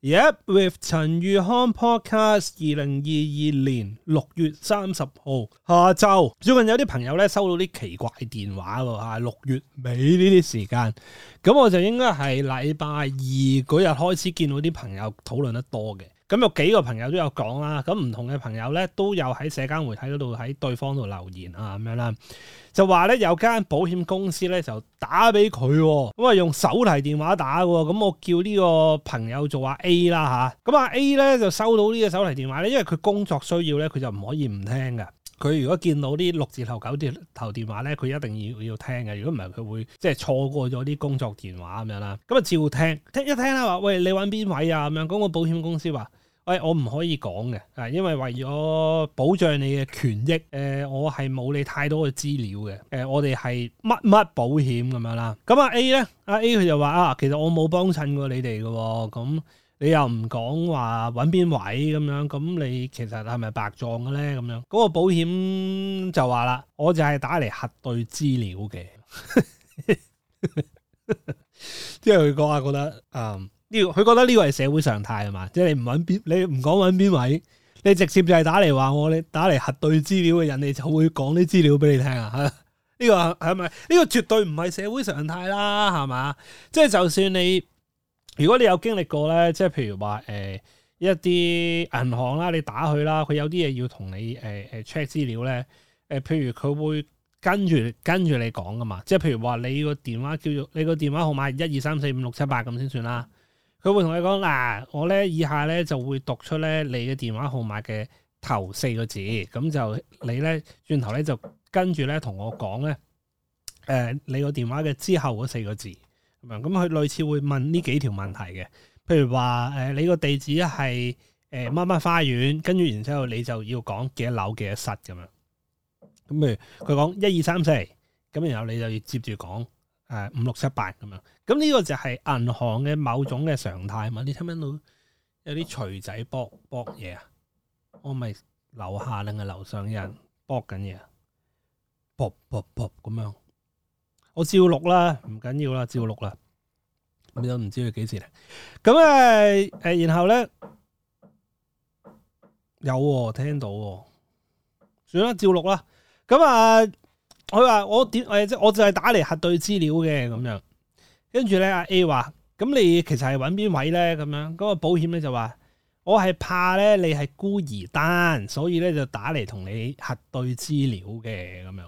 Yep, with 陳宇康 podcast，二零二二年六月三十號下晝，最近有啲朋友咧，收到啲奇怪的電話喎。吓，六月尾呢啲時間，咁我就應該係禮拜二嗰日開始見到啲朋友討論得多嘅。咁有幾個朋友都有講啦，咁唔同嘅朋友咧都有喺社交媒體嗰度喺對方度留言啊咁樣啦，就話咧有間保險公司咧就打俾佢，咁啊用手提電話打喎，咁我叫呢個朋友做下 A 啦吓，咁、啊、阿 A 咧就收到呢個手提電話咧，因為佢工作需要咧，佢就唔可以唔聽㗎。佢如果見到啲六字頭九字頭電話咧，佢一定要聽要聽嘅，如果唔係佢會即係錯過咗啲工作電話咁樣啦，咁啊照聽，聽一聽啦話，喂，你揾邊位啊咁樣講，咁個保險公司話。喂、哎，我唔可以講嘅，啊，因為為咗保障你嘅權益，呃、我係冇你太多嘅資料嘅、呃，我哋係乜乜保險咁樣啦。咁阿 A 咧，阿、啊、A 佢就話啊，其實我冇幫襯過你哋嘅、哦，咁、嗯、你又唔講話揾邊位咁樣，咁、嗯、你其實係咪白撞嘅咧？咁樣，嗰、那個保險就話啦，我就係打嚟核對資料嘅，即係佢講下覺得，嗯。呢佢覺得呢個係社會常態，係嘛？即係你唔揾邊，你唔講揾邊位，你直接就係打嚟話我，你打嚟核對資料嘅人，你就會講啲資料俾你聽啊？呢 個係咪？呢個絕對唔係社會常態啦，係嘛？即係就算你，如果你有經歷過咧，即係譬如話誒一啲銀行啦，你打佢啦，佢有啲嘢要同你誒誒 check 資料咧，誒譬如佢會跟住跟住你講噶嘛？即係譬如話你個電話叫做你個電話號碼一二三四五六七八咁先算啦。佢會同你講嗱、啊，我咧以下咧就會讀出咧你嘅電話號碼嘅頭四個字，咁就你咧轉頭咧就跟住咧同我講咧，誒、呃、你個電話嘅之後嗰四個字，咁樣咁佢類似會問呢幾條問題嘅，譬如話誒、呃、你個地址係誒乜乜花園，跟住然之後你就要講幾多樓幾多室咁樣，咁譬如佢講一二三四，咁然後你就要接住講。誒，五六七八咁樣，咁呢個就係銀行嘅某種嘅常態嘛！你聽唔聽到有啲錘仔搏搏嘢啊？我咪樓下定係樓上有人搏緊嘢，搏搏搏咁樣，我照錄啦，唔緊要啦，照錄啦。咁都唔知佢幾時嚟？咁誒誒，然後咧有、啊、聽到、啊，算啦，照錄啦。咁啊。佢話我點誒，即我就係打嚟核對資料嘅咁樣，跟住咧阿 A 話，咁你其實係揾邊位咧咁樣，嗰個保險咧就話我係怕咧你係孤兒單，所以咧就打嚟同你核對資料嘅咁樣。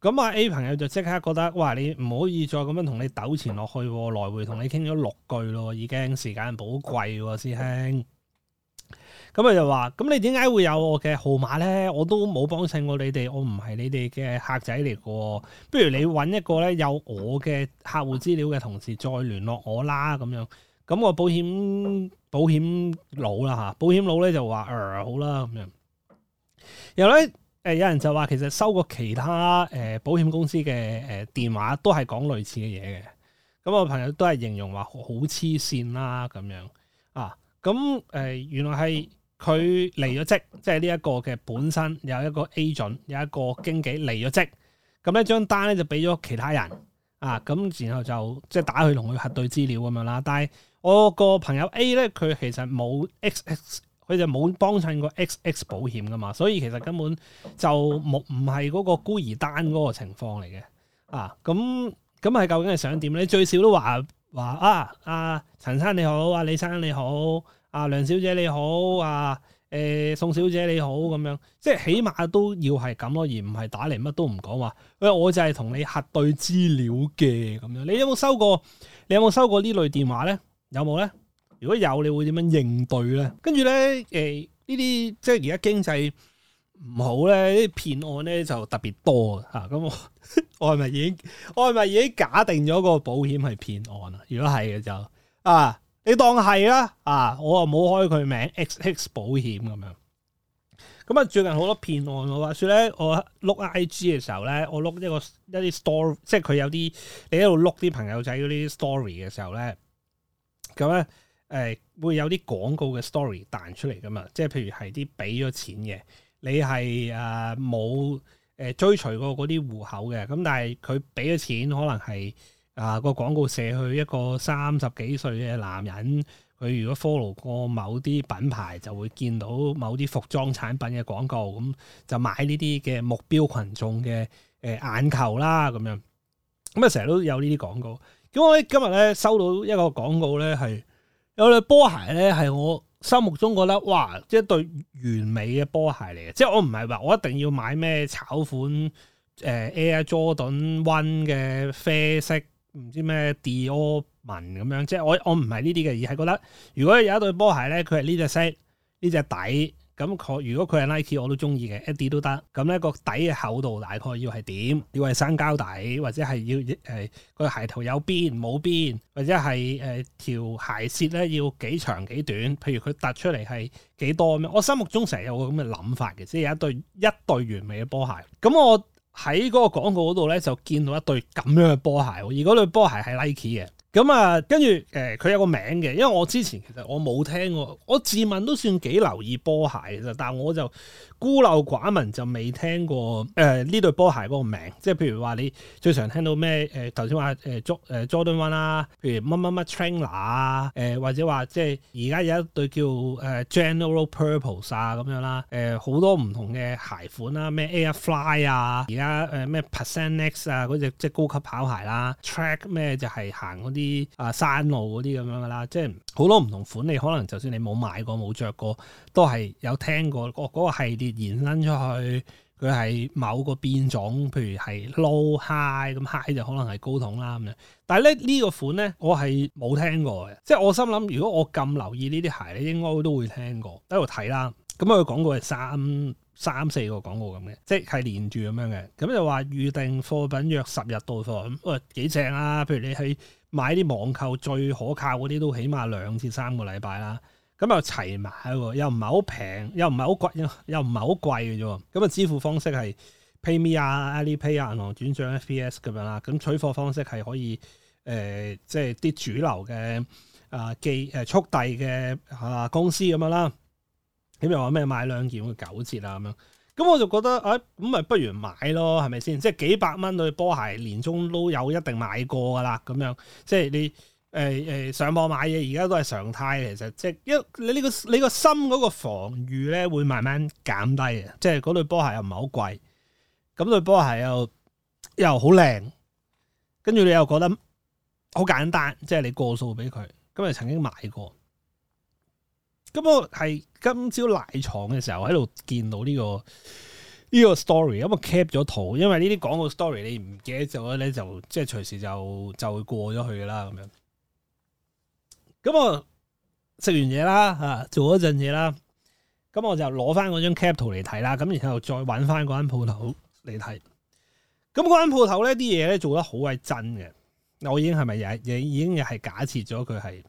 咁阿 A 朋友就即刻覺得哇，你唔可以再咁樣同你糾纏落去，來回同你傾咗六句咯，已經時間寶貴喎，師兄。咁佢就話，咁你點解會有我嘅號碼咧？我都冇幫襯過你哋，我唔係你哋嘅客仔嚟噶喎。不如你揾一個咧有我嘅客戶資料嘅同事再聯絡我啦，咁樣。咁我保險保險佬啦嚇，保險佬咧就話，誒、嗯、好啦，咁樣。然後咧，誒有人就話其實收過其他誒、呃、保險公司嘅誒、呃、電話都係講類似嘅嘢嘅。咁我朋友都係形容話好黐線啦，咁樣啊。咁、啊呃、原來係。佢離咗職，即係呢一個嘅本身有一個 agent 準有一個經紀離咗職，咁咧張單咧就俾咗其他人啊，咁然後就即係打去同佢核對資料咁樣啦。但係我個朋友 A 咧，佢其實冇 X X，佢就冇幫襯過 X X 保險噶嘛，所以其實根本就冇唔係嗰個孤兒單嗰個情況嚟嘅啊。咁咁係究竟係想點咧？你最少都話話啊，阿、啊、陳生你好，啊李生你好。啊梁小姐你好，啊，誒、呃、宋小姐你好，咁樣即係起碼都要係咁咯，而唔係打嚟乜都唔講話。喂、哎，我就係同你核對資料嘅咁樣。你有冇收過？你有冇收過呢類電話咧？有冇咧？如果有，你會點樣應對咧？跟住咧，誒，呢啲即係而家經濟唔好咧，呢啲騙案咧就特別多啊。咁我 我係咪已經我係咪已經假定咗個保險係騙案啊？如果係嘅就啊。你當係啦，啊，我又冇開佢名，X X 保險咁樣。咁啊，最近好多騙案我話說咧，我碌 IG 嘅時候咧，我碌一個一啲 story，即係佢有啲你喺度碌啲朋友仔嗰啲 story 嘅時候咧，咁咧誒會有啲廣告嘅 story 彈出嚟㗎嘛？即係譬如係啲俾咗錢嘅，你係誒冇誒追隨過嗰啲戶口嘅，咁但係佢俾咗錢，可能係。啊！個廣告射去一個三十幾歲嘅男人，佢如果 follow 過某啲品牌，就會見到某啲服裝產品嘅廣告，咁就買呢啲嘅目標群眾嘅眼球啦，咁樣咁啊，成日都有呢啲廣告。咁我今日咧收到一個廣告咧，係有對波鞋咧，係我心目中覺得哇，一對完美嘅波鞋嚟嘅。即係我唔係話我一定要買咩炒款、呃、Air Jordan One 嘅啡色。唔知咩 Dior 文咁樣，即係我我唔係呢啲嘅，而係覺得如果有一對波鞋咧，佢係呢隻色呢隻底，咁佢如果佢係 Nike 我都中意嘅，一啲都得。咁、那、咧個底嘅厚度大概要係點？要係生膠底，或者係要誒個、呃、鞋頭有邊冇邊，或者係誒條鞋舌咧要幾長幾短？譬如佢突出嚟係幾多咁樣？我心目中成日有個咁嘅諗法嘅，即係有一對一對完美嘅波鞋。咁我。喺嗰廣告嗰度咧，就見到一對咁樣嘅波鞋，而對波鞋係 Nike 嘅。咁啊，跟住誒佢有個名嘅，因為我之前其實我冇聽過，我自問都算幾留意波鞋其實，但係我就孤陋寡聞就未聽過誒呢、呃、對波鞋嗰個名。即係譬如話你最常聽到咩誒頭先話誒 jo 誒 Jordan One 啦，譬如乜乜乜 Trainer 啊、呃，誒或者話即係而家有一對叫誒、呃、General Purpose 啊咁樣啦，誒、呃、好多唔同嘅鞋款啦，咩 Air Fly 啊，而家誒咩、呃、Percent X 啊嗰隻即係高級跑鞋啦，Track 咩就係行嗰啲。啲啊山路嗰啲咁樣噶啦，即係好多唔同款，你可能就算你冇買過冇着過，都係有聽過嗰嗰個系列延伸出去，佢係某個變種，譬如係 low high 咁 high 就可能係高筒啦咁樣。但係咧呢個款咧，我係冇聽過嘅，即係我心諗，如果我咁留意呢啲鞋咧，應該都會聽過。喺度睇啦，咁啊個廣告係三三四個廣告咁嘅，即係係連住咁樣嘅，咁就話預訂貨品約十日到貨咁，喂幾正啊！譬如你喺。買啲網購最可靠嗰啲都起碼兩至三個禮拜啦，咁又齊埋喎，又唔係好平，又唔係好貴，又唔係好貴嘅喎。咁啊支付方式係 PayMe 啊、Alipay 啊、銀行轉賬 FPS 咁樣啦。咁取貨方式係可以、呃、即係啲主流嘅啊寄誒、啊、速遞嘅、啊、公司咁樣啦。咁又話咩買兩件會九折啊咁樣。咁我就覺得，哎，咁咪不如買咯，係咪先？即係幾百蚊對波鞋，年中都有一定買過噶啦，咁樣。即係你，誒、呃、誒，上網買嘢而家都係常態。其實，即係一你呢、這個你個心嗰個防禦咧，會慢慢減低嘅。即係嗰對波鞋又唔係好貴，咁對波鞋又又好靚，跟住你又覺得好簡單，即係你過數俾佢，咁咪曾經買過。咁我係今朝賴床嘅時候喺度見到呢、這個呢、這個 story，咁我 cap 咗圖，因為呢啲廣告 story 你唔記得咗咧就即係隨時就就會過咗去噶啦，咁樣。咁我食完嘢啦，吓、啊、做咗陣嘢啦，咁我就攞翻嗰張 cap 圖嚟睇啦，咁然後再揾翻嗰間鋪頭嚟睇。咁嗰間鋪頭咧啲嘢咧做得好鬼真嘅，我已經係咪有已已經係假設咗佢係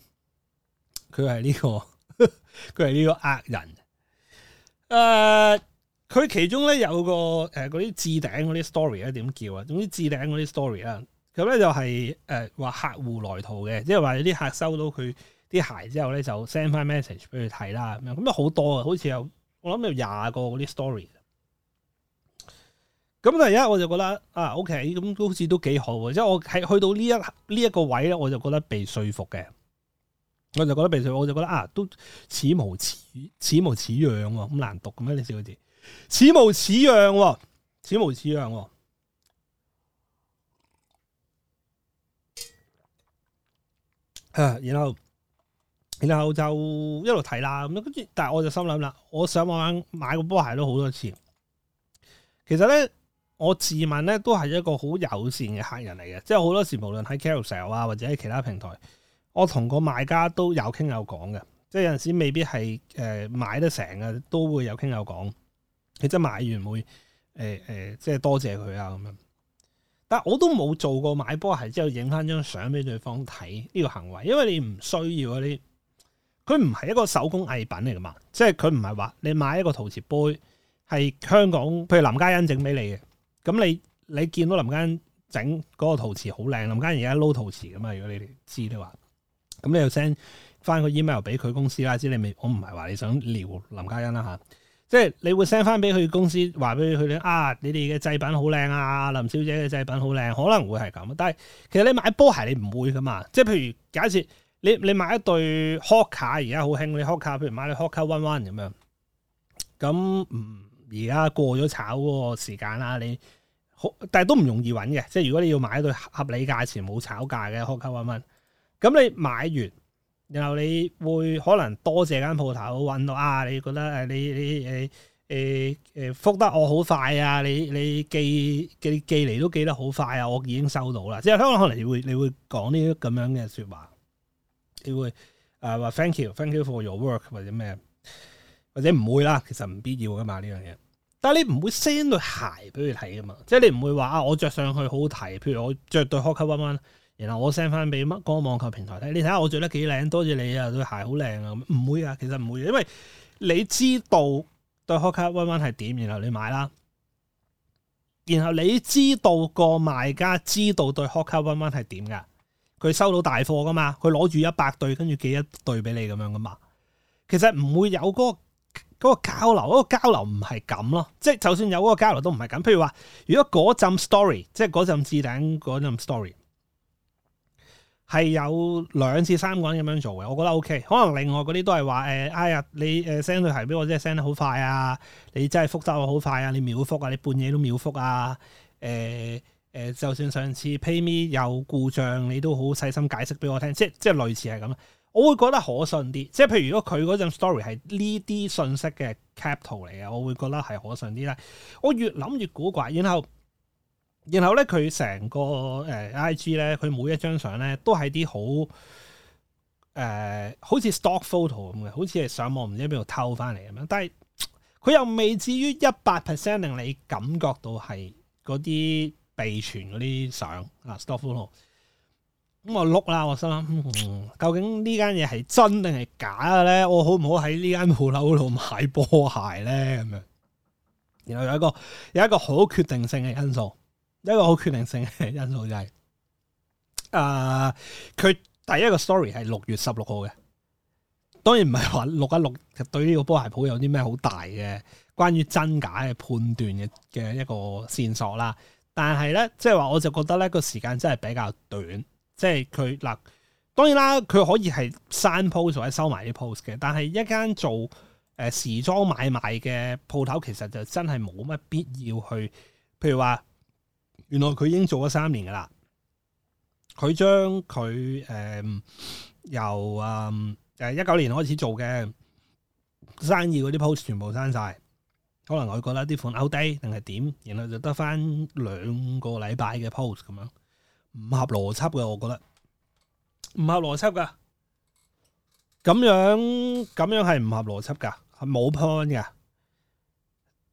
佢係呢個。佢係呢個呃人，誒、呃，佢其中咧有個誒嗰啲置頂嗰啲 story 咧，點叫啊？總之置頂嗰啲 story 啦，咁咧就係誒話客戶來圖嘅，即係話有啲客收到佢啲鞋之後咧，就 send 翻 message 俾佢睇啦咁樣，咁啊好多啊，好似有我諗有廿個嗰啲 story。咁但係而家我就覺得啊，OK，咁都好似都幾好，即係我喺去到呢一呢一個位咧，我就覺得被說服嘅。我就覺得鼻水，我就覺得啊，都似模似似模似樣喎，咁、啊、難讀咁樣。你試嗰字，似模似樣，似模似樣喎。啊，然後，然後就一路睇啦。咁跟住，但係我就心諗啦，我上網買個波鞋都好多次。其實咧，我自問咧都係一個好友善嘅客人嚟嘅，即係好多時無論喺 Carousel 啊，或者喺其他平台。我同個買家都有傾有講嘅，即係有陣時未必係誒、呃、買得成嘅，都會有傾有講。佢即係買完會誒誒、呃呃，即係多謝佢啊咁樣。但係我都冇做過買波鞋，係之後影翻張相俾對方睇呢個行為，因為你唔需要嗰啲。佢唔係一個手工藝品嚟噶嘛，即係佢唔係話你買一個陶瓷杯係香港，譬如林嘉欣整俾你嘅，咁你你見到林嘉欣整嗰個陶瓷好靚，林嘉欣而家撈陶瓷噶嘛，如果你哋知嘅話。咁你又 send 翻個 email 俾佢公司啦，知你未？我唔係話你想撩林嘉欣啦吓，即係你會 send 翻俾佢公司，話俾佢咧啊，你哋嘅製品好靚啊，林小姐嘅製品好靚，可能會係咁。但係其實你買波鞋你唔會噶嘛，即係譬如假設你你買一對 hoka，而家好興，你 hoka，譬如買啲 hoka one one 咁樣，咁而家過咗炒嗰個時間啦，你好但係都唔容易揾嘅，即係如果你要買一對合理價錢冇炒價嘅 hoka one one。咁你買完，然後你會可能多謝間鋪頭，搵到啊，你覺得誒，你你誒誒誒，覆、呃、得我好快啊，你你寄寄寄嚟，都寄得好快啊，我已經收到啦。即係香港可能你會你會講呢啲咁樣嘅說話，你會誒話、啊、thank you，thank you for your work 或者咩，或者唔會啦，其實唔必要噶嘛呢樣嘢。但係你唔會 send 對鞋俾佢睇噶嘛，即係你唔會話啊，我着上去好好睇。譬如我着對 Hoka One One，然後我 send 翻俾乜嗰個網購平台睇，你睇下我着得幾靚，多謝，謝你啊，對鞋好靚啊咁。唔會啊，其實唔會，因為你知道對 Hoka One One 係點，然後你買啦，然後你知道個賣家知道對 Hoka One One 係點噶，佢收到大貨噶嘛，佢攞住一百對，跟住寄一對俾你咁樣噶嘛，其實唔會有嗰、嗰個、嗰個交流，嗰、嗰個交流唔係咁咯，即、就、係、係、就算有嗰個交流都唔係咁，譬如話如果嗰陣 story，即係嗰陣置頂嗰陣 story。係有兩至三個人咁樣做嘅，我覺得 OK。可能另外嗰啲都係話哎呀，你 send 對題俾我，即係 send 得好快啊！你真係復答我好快啊！你秒復啊！你半夜都秒復啊、呃呃！就算上次 PayMe 有故障，你都好細心解釋俾我聽，即即係類似係咁。我會覺得可信啲。即係譬如如果佢嗰陣 story 係呢啲信息嘅 cap 圖嚟嘅，我會覺得係可信啲啦。我越諗越古怪，然後然後咧，佢成個誒 I G 咧，佢每一張相咧都係啲好誒，好似 stock photo 咁嘅，好似係上網唔知邊度偷翻嚟咁樣。但係佢又未至於一百 percent 令你感覺到係嗰啲備存嗰啲相啊，stock photo。咁我碌啦，我心諗、嗯、究竟呢間嘢係真定係假嘅咧？我好唔好喺呢間鋪樓度買波鞋咧？咁樣。然後有一個有一個好決定性嘅因素。一個好決定性嘅因素就係、是，誒、呃，佢第一個 story 係六月十六號嘅。當然唔係話六一六對呢個波鞋鋪有啲咩好大嘅關於真假嘅判斷嘅嘅一個線索啦。但係咧，即係話我就覺得咧，個時間真係比較短。即係佢嗱，當然啦，佢可以係刪 post 或者收埋啲 post 嘅。但係一間做誒時裝買賣嘅鋪頭，其實就真係冇乜必要去，譬如話。原來佢已經做咗三年噶啦，佢將佢誒、呃、由誒一九年開始做嘅生意嗰啲 post 全部刪晒，可能佢覺得啲款 outdate 定係點，然後就得翻兩個禮拜嘅 post 咁樣，唔合邏輯嘅，我覺得唔合邏輯噶，咁樣咁樣係唔合邏輯噶，係冇 point 噶，誒、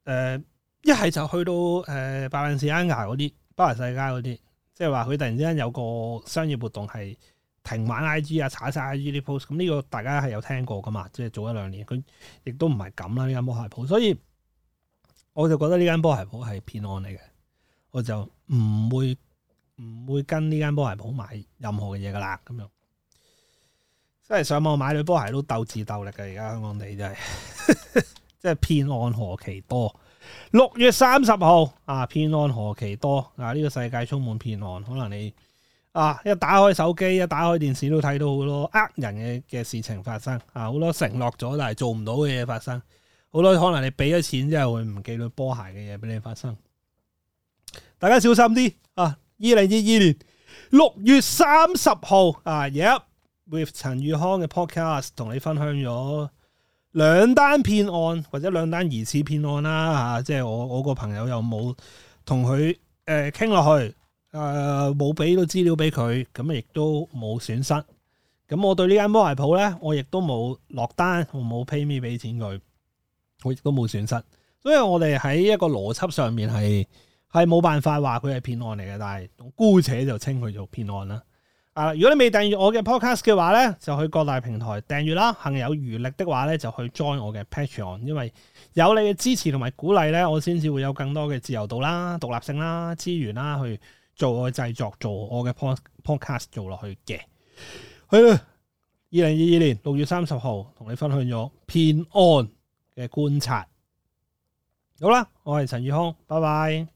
呃。一係就去到誒、呃、巴蘭士加嗰啲、巴黎世家嗰啲，即係話佢突然之間有個商業活動係停玩 IG 啊、踩晒 IG 啲 post，咁呢個大家係有聽過噶嘛？即係早一兩年，佢亦都唔係咁啦。呢間波鞋鋪，所以我就覺得呢間波鞋鋪係騙案嚟嘅，我就唔會唔會跟呢間波鞋鋪買任何嘅嘢噶啦。咁樣，即係上網買對波鞋都鬥智鬥力嘅，而家香港地真係，即係騙案何其多。六月三十號啊，騙案何其多啊！呢、這個世界充滿騙案，可能你啊一打開手機、一打開電視都睇到好多呃人嘅嘅事情發生啊，好多承諾咗但係做唔到嘅嘢發生，好多可能你俾咗錢之後會唔記得波鞋嘅嘢俾你發生，大家小心啲啊！二零二二年六月三十號啊，p、yeah, with 陳宇康嘅 podcast 同你分享咗。兩單騙案或者兩單疑似騙案啦，吓，即係我我個朋友又冇同佢呃傾落去，呃冇俾到資料俾佢，咁亦都冇損失。咁我對呢間波鞋鋪咧，我亦都冇落單，我冇 pay me 俾錢佢，我亦都冇損失。所以我哋喺一個邏輯上面係係冇辦法話佢係騙案嚟嘅，但係姑且就稱佢做騙案啦。啊！如果你未訂閱我嘅 podcast 嘅話咧，就去各大平台訂閱啦。行有餘力的話咧，就去 join 我嘅 Patreon，因為有你嘅支持同埋鼓勵咧，我先至會有更多嘅自由度啦、獨立性啦、資源啦，去做我嘅製作、做我嘅 pod podcast 做落去嘅。去啦，二零二二年六月三十號同你分享咗片案嘅觀察。好啦，我係陳宇康，拜拜。